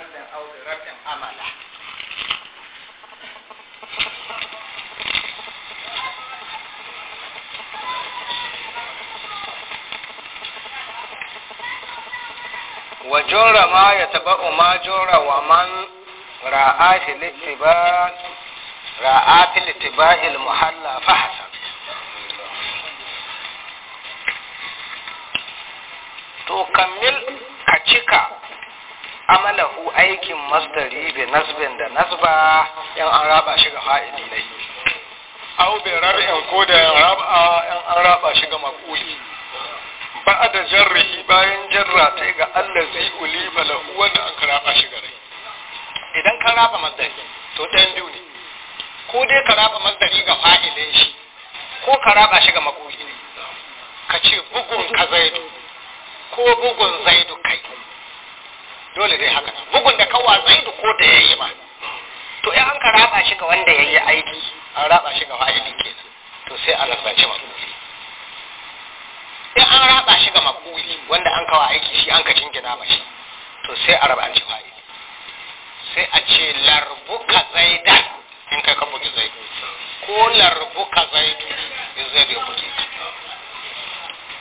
وجورا أو وجر ما يتبع ما جر ومن رأى في الاتباع رأى في الاتباع المحلى فحى nasbin da nasba yan an raba shi ga fa'ili ne aw bi ko da raba yan an raba shi ga maquli ba'da jarrihi bayan jarra ta ga allazi uliba lahu wanda an raba shi ga rai idan ka raba masdari to ɗayan biyu ne ko dai ka raba masdari ga fa'ilin shi ko ka raba shi ga maquli ne ka ce bugun ka zaidu ko bugun zaidu kai dole dai haka bugun da kawa zaidu ko da ya yi ma to in an ka raba shi ga wanda ya yi aiki an raba shi ga fa'ili ke to sai a rasanci makuli in an raba shi ga makuli wanda an kawa aiki shi an ka jingina mashi to sai a ci fa'ili sai a ce larbuka zaida in kai ka bugi zaidu ko larbuka zaidu in zai ya bugi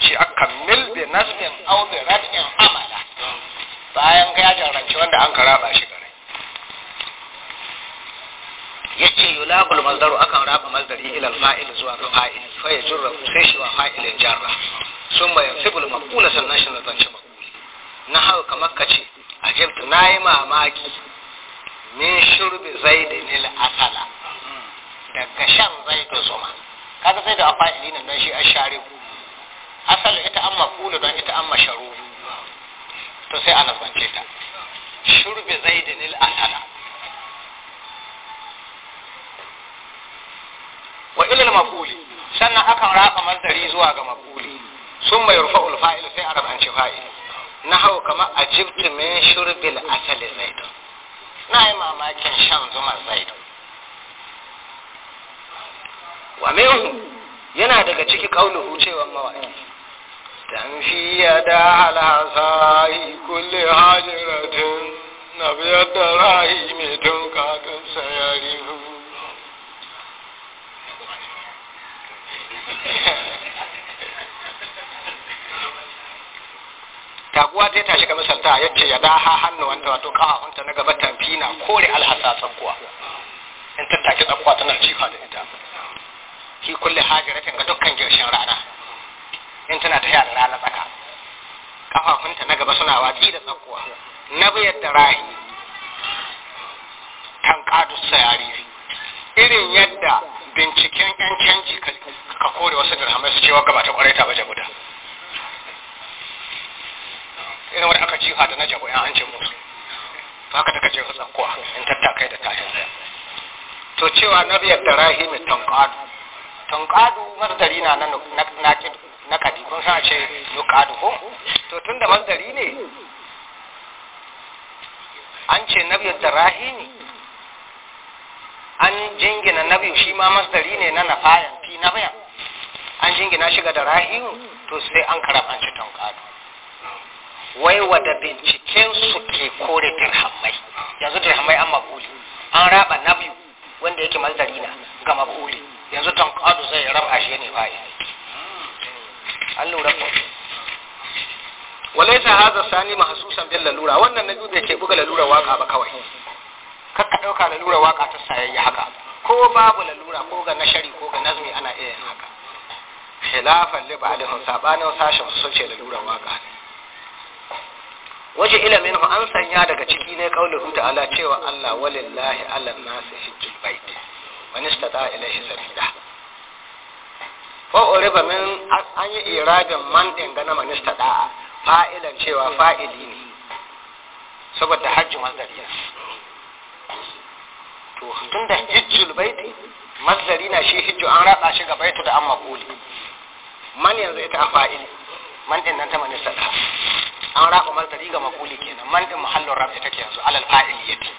shi akamil bi nasbin au bi rad'in amala bayan ya jaranci wanda an karaba shi gare ya ce yulabul mazdaru akan raba mazdari ilal fa'il zuwa ga fa'il fa ya sai shi wa fa'ilin jarra sun bayan sibul makula sannan shi zanci makuli na hau kamar ka ce a jibtu na yi mamaki min da zaidinil asala daga shan zai da zuma kaga sai da fa'ili nan don shi a share asalu ita an makula don ita an masharu. to sai a nasance ta shurbe zaidin al'asala wa ilil mafuli sannan hakan raba mazari zuwa ga mafuli sun mai rufa ulfa'il sai a rabance fa'il na hau kama a jibti min shurbil asali zaidun na yi mamakin shan zuma zaidun wa mehu yana daga ciki kaunuhu cewa mawaƙi. تمشي يدا على صاي كل حاجرة نبي راهي ميتون كاكم سياريه taguwa ta tashi ga misalta ya ce ya daha hannuwanta wato kafafunta na gaba tamfi na kore alhasa tsakuwa in tattake tsakuwa tana jifa da ita ki kulle hajjaratin ga dukkan girshin rana in tana tafiya da rana tsaka kafafunta na gaba suna watsi da tsakuwa na biyar da rahi kan kadu sayari irin yadda binciken yan canji ka kore wasu da dirhamai su cewa gaba ta kwarai ta baje guda irin wani aka jiha da na jago yan hancin musu ba ka taka jefa tsakuwa in tattakai da tashin zai to cewa na biyar da rahi mai tankadu tankadu masdari na na naƙidu na kadi kun sa ce yuqadu ko to tun da mazari ne an ce nabiyu da ne an jingina nabiyu shi ma masdari ne na nafayan fi nabiya an jingina shiga da rahiyu to sai an karafanci tankadu wai wada binciken su ke kore dirhamai yanzu dirhamai an maguli an raba nabiyu wanda yake masdari na ga maguli yanzu tankado zai raba shi ne fa'i an lura ko walaisa hadha sani mahsusan bil lalura wannan na biyu bai ke buga lalura waka ba kawai kakka dauka lalura waka ta sayayya haka ko babu lalura ko ga nashari ko ga nazmi ana iya yin haka khilafan li ba'dihum sabanin sashin su ce lalura waka waje ilimin an sanya daga ciki ne hu ta'ala cewa Allah walillahi ala nasi hijjul bait man istata ilayhi sabila wa uriba min an yi irabin man din ga na manista da'a fa'ilan cewa fa'ili ne saboda hajji masdariya to tun da hijjul baiti masdari na shi hijju an ratsa shi ga baitu da an makuli man yanzu ita a fa'ili man din nan ta manista da'a an ratsa masdari ga makuli kenan man din muhallin ita ke yanzu alal fa'ili ya yake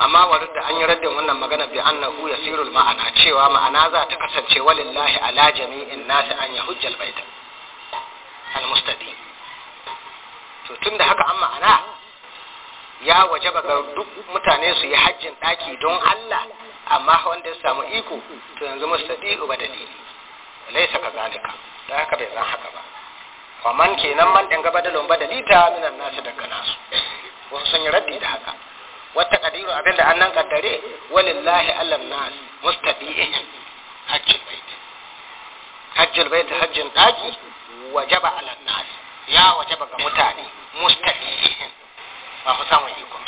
amma wa da an yi raddin wannan magana bi annahu yasirul ma'ana cewa ma'ana za ta kasance walillahi ala jami'in nasi an yahujjal baita al-mustaqim to tunda haka an ma'ana ya wajaba ga duk mutane su yi hajjin daki don Allah amma wanda ya samu iko to yanzu mustaqi ba dalili laysa kazalika da haka bai zan haka ba wa man kenan man dan gaba da lomba dalita minan nasu daga nasu wasu sun yi raddi da haka wata kadiru abinda an nan kaddare walillahi alam nas mustabi'in hajjul bait hajjul bait hajjin daki wajaba alam nas ya wajaba ga mutane mustabi'in ba ku samu ikon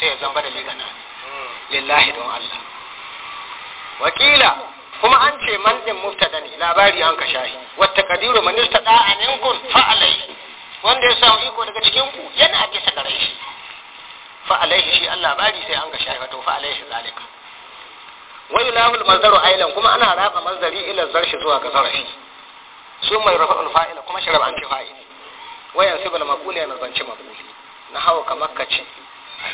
sai ya zamba da ligana lillahi don Allah wakila kuma an ce man din da ne labari an ka shahi wata kadiru man istada an yankun wanda ya samu iko daga cikin ku yana bisa gare shi fa alaihi shi Allah bari sai an ga shahi wato fa alaihi zalik wai lahul manzaru ailan kuma ana rafa manzari ila zarshi zuwa ga zarashi su mai rafa'ul fa'ila kuma sharab an fa'il wayan sibal maquli yana zance maquli na hawa kamar kace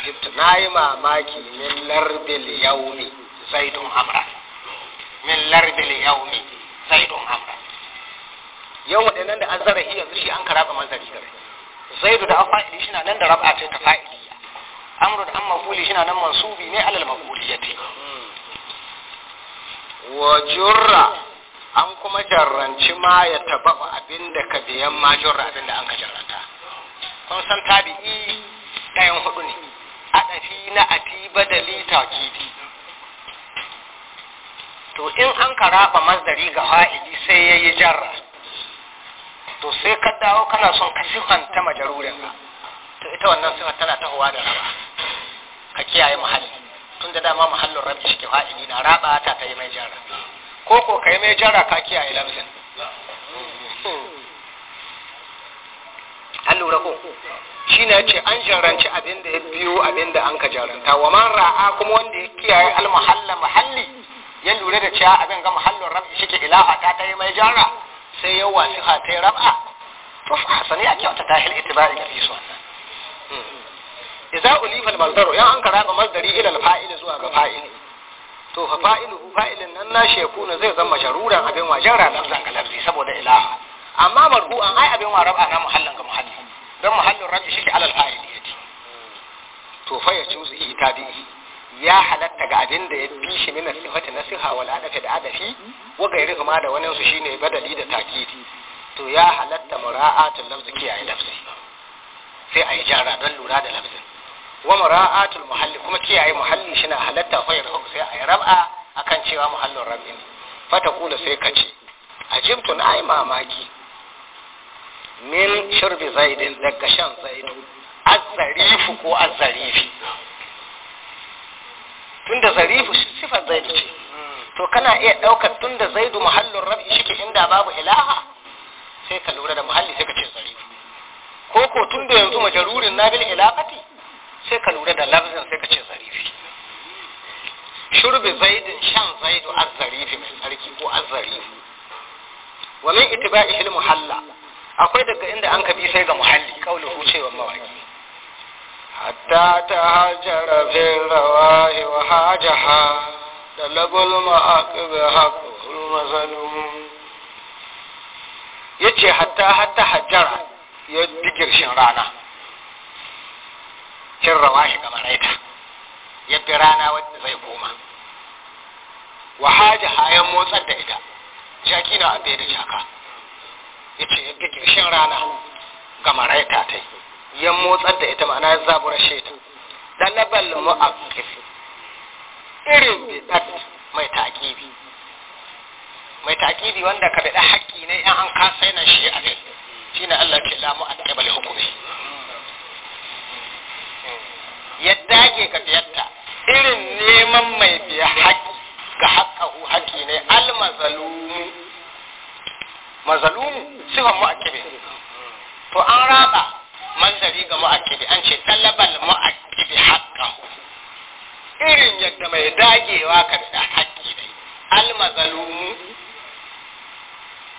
ajibtu nayi mamaki min larbil yawmi zaidun amra min larbil yawmi zaidun amra yau wadannan da an zarahi yanzu shi an karaba manzari gare zaidu da an fa'ili shi na nan da rab'a ce ta fa'ili amrun an mafuli shi na nan mansubi ne alal mafuliyati wa Jura an kuma jarranci ma ya taba abinda ka biyan ma jurra abinda an ka jarrata kun san tabi'i ɗayan hudu ne na ati lita takidi to in an karaba mazdari ga fa'ili sai yayi jarra to sai ka dawo kana son ka sifanta majarurin to ita wannan sifar tana tahowa da raba kiyaye muhalli tun da dama muhallin rabi shi ke fa'ili na raba ta ta yi mai jara ko ko ka yi mai jara ka kiyaye lamsin an lura ko shi na ce an jaranci abin da ya biyo abin da an ka jaranta wa man ra'a kuma wanda ya kiyaye almuhalla muhalli ya lura da cewa abin ga muhallin rabi shi ke ilaha ta ta yi mai jara sai yawa sifa ta yi rab'a to fa hasani ya kyauta ta hil itibari ga fi idza ulifa al-masdaru an karaba masdari ila al zuwa ga fa'il to fa fa'iluhu fa'ilin nan na shekuna zai zama sharuran abin wajen ranar ga lafzi saboda ilaha amma an ai abin wa rab'a na muhallin ga muhalli dan muhallin rabbi shi ke alal fail yace to fa ya cuzu itabi'i ya halatta ga abin da ya bi shi min sifati nasiha wal adafi da adafi wa gairi kuma da wani su shine badali da takidi to ya halatta mura'atul lafzi kiyaye lafzi sai a yi jara don lura da lafzin wa mura'atul muhalli kuma kiyaye muhalli shi na halatta fa yarhu sai ayi rab'a akan cewa muhallin rabbi ne fata kula sai kace ajibtu na ai mamaki min shurbi zaidin daga shan zaidu azzarifu ko azzarifi tunda zarifu sifar zaidu ce to kana iya daukar tunda zaidu muhallin rabbi shike inda babu ilaha sai ka lura da muhalli sai ka ce zarifu ko ko tunda yanzu majarurin nabil ilaqat sai ka lura da lafzin sai ka ce zarifi shurbi zaidin shan zaidu azzarifi mai tsarki ko azzarifi wa min ittiba'ihi al-muhalla akwai daga inda an kabi sai ga muhalli kauluhu cewa mawaki hatta tahajara fi rawahi wa hajaha talabul ma'aqib haqqul mazlum yace hatta hatta hajara ya digir shin rana cirrawa shi ga maraita ya bi rana wadda zai koma wa haja hayan motsar da ita jaki na abin da jaka ya ce ya bi girshin rana ga maraita ta ya motsar da ita ma'ana ya zabura shaitan dan na ballin mu'akif irin bidat mai taƙibi mai taƙibi wanda ka biɗa haƙƙi ne in an kasa yana shi a shi ne Allah ke lamu a ƙibal hukumi dage ka biyatta irin neman mai biya haƙi ga haƙahu haƙi ne almazalumu mazalumu sifan mu'akkibi to an raba manzari ga mu'akkibi an ce talabal mu'akkibi haƙahu irin yadda mai dagewa ka da haƙi ne almazalumu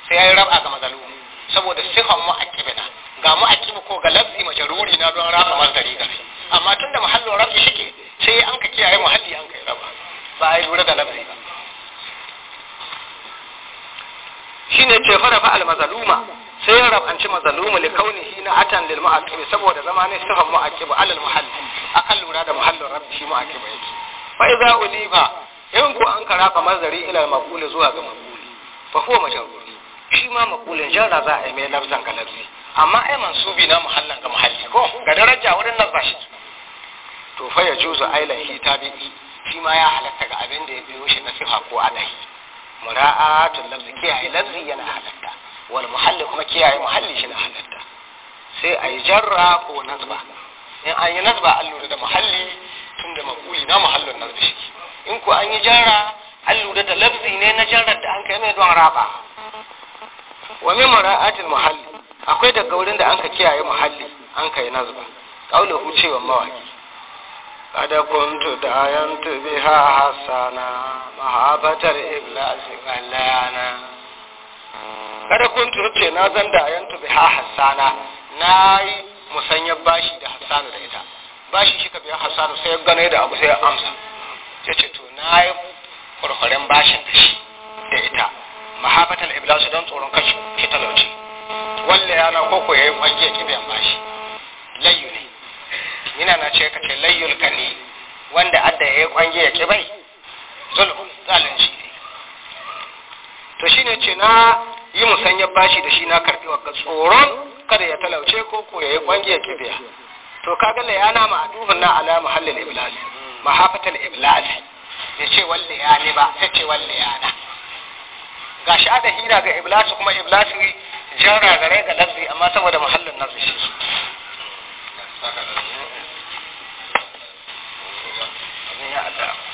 sai ya yi raba ga mazalumu saboda sifan mu'akkibi na ga mu'akkibi ko ga lafzi majaruri na don raba manzari ga shi amma tunda da muhallin rabi shike sai an ka kiyaye muhalli an kai raba ba ai yi lura da lafazi ba shine ce fara fa al mazaluma sai ya rabanci mazaluma li kaunihi na atan lil mu'aqqibi saboda zama ne sifan mu'aqqibi al muhalli akan lura da muhallin rabi shi mu'aqqibi yake fa idza ulifa in ku an karafa mazari ila maqul zuwa ga maquli fa huwa majrur shi ma maqulin jarra za a yi mai lafzan ga lafzi amma ai mansubi na muhallan ga muhalli ko ga daraja wurin nan ba shi to fa ya juzu ailan shi tabi'i shi ma ya halatta ga abin da ya biyo shi na sifa ko adahi mura'atul lafzi kiyaye lafzi yana halatta wal muhalli kuma kiyaye muhalli shi na halatta sai a yi jarra ko nazba in an yi nazba an lura da muhalli tun da makuli na muhallin nazbi shi in ko an yi jarra an lura da lafzi ne na jarrar da an kai mai don raba wa min mura'atul muhalli akwai daga wurin da an ka kiyaye muhalli an kai nazba kauluhu cewa mawaki قد كنت داينت بها حسانا محابة الإبلاس قلانا قد كنت na نازن داينت بها حسانا ناي مسنيا باشي دا حسان bashi shi ka biya hasanu sai ya gane da abu sai ya amsa ya ce to na yi kurkurin bashin da shi da ita mahafatar iblasu don tsoron kashi shi talauci walle yana koko ya yi kwanke biyan bashi layu ne yana na ce ka ce layyul kani wanda adda ya kwange ya bai zulhun zalunci ne to shi ne ce na yi musanyar bashi da shi na karbi wakka tsoron kada ya talauce ko ko ya yi kwange ya biya to kaga la yana ma'adufin na ala mahallin iblas mahafatar iblas ya ce walle ne ba ya ce walle ga gashi ada hira ga iblasi kuma iblasi jara gare ga lafi amma saboda mahallin nazi shi about that.